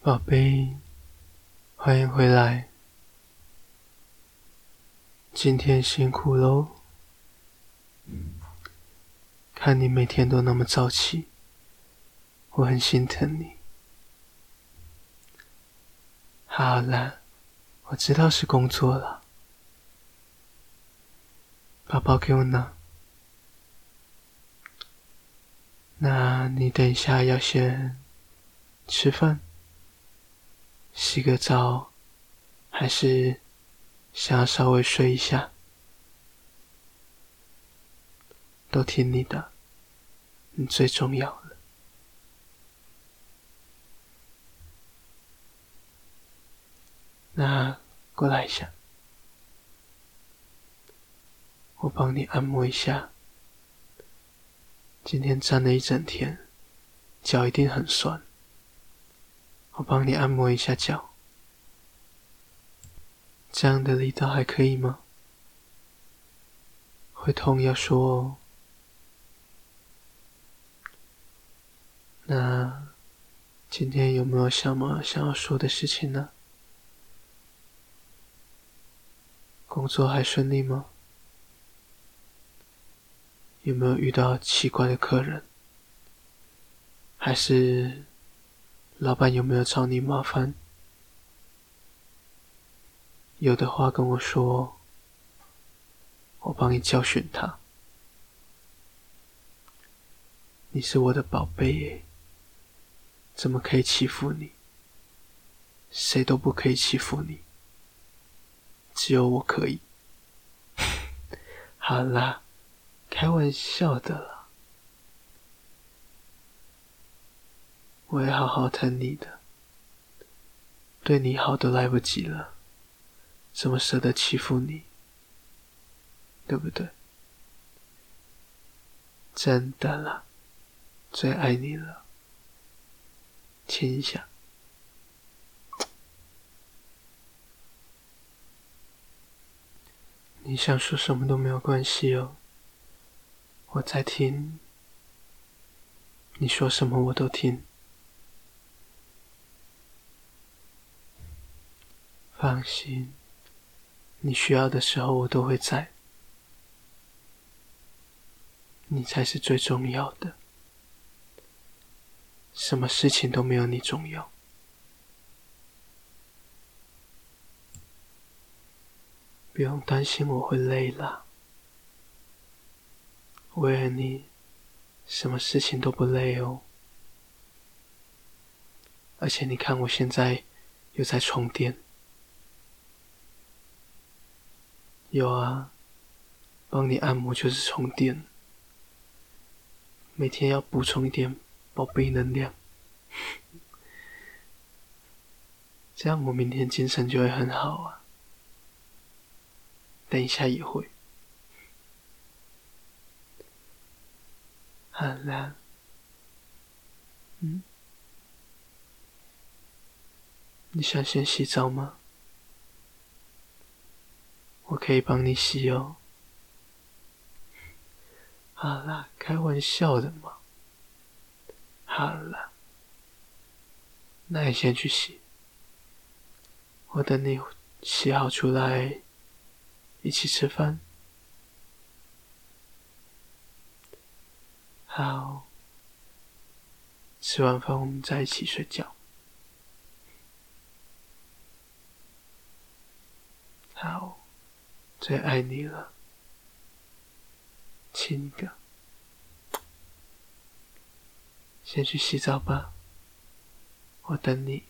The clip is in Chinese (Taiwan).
寶貝，歡迎回來。今天辛苦嘍，嗯、看你每天都那麼早起，我很心疼你。好啦，我知道是工作了。包包給我拿。那你等一下要先吃飯，洗個澡，還是想要稍微睡一下？都聽你的，你最重要了。那過來一下，我幫你按摩一下。今天站了一整天，腳一定很酸。我幫你按摩一下腳，這樣的力道還可以嗎？會痛要說哦。那今天有沒有什麼想要說的事情呢？工作還順利嗎？有沒有遇到奇怪的客人？還是？老闆有沒有找你麻煩？有的話跟我說，我幫你教訓他。你是我的寶貝耶，怎麼可以欺負你？誰都不可以欺負你，只有我可以。 好啦，開玩笑的啦。我會好好疼你的，對你好都來不及了，怎麼捨得欺負你？對不對？真的啦，最愛你了，親一下，你想說什麼都沒有關係哦，我在聽，你說什麼我都聽。放心，你需要的時候我都會在。你才是最重要的，什麼事情都沒有你重要。不用擔心我會累啦，為了你，什麼事情都不累哦。而且你看，我現在又在充電。有啊，幫你按摩就是充電。每天要補充一點寶貝能量， 這樣我明天精神就會很好啊。等一下也會。好啦。嗯，你想先洗澡嗎？可以幫你洗哦。好啦，開玩笑的嘛。好啦，那你先去洗。我等你洗好出來，一起吃飯。好。吃完飯我們再一起睡覺。好。最愛你了，親一個，先去洗澡吧，我等你。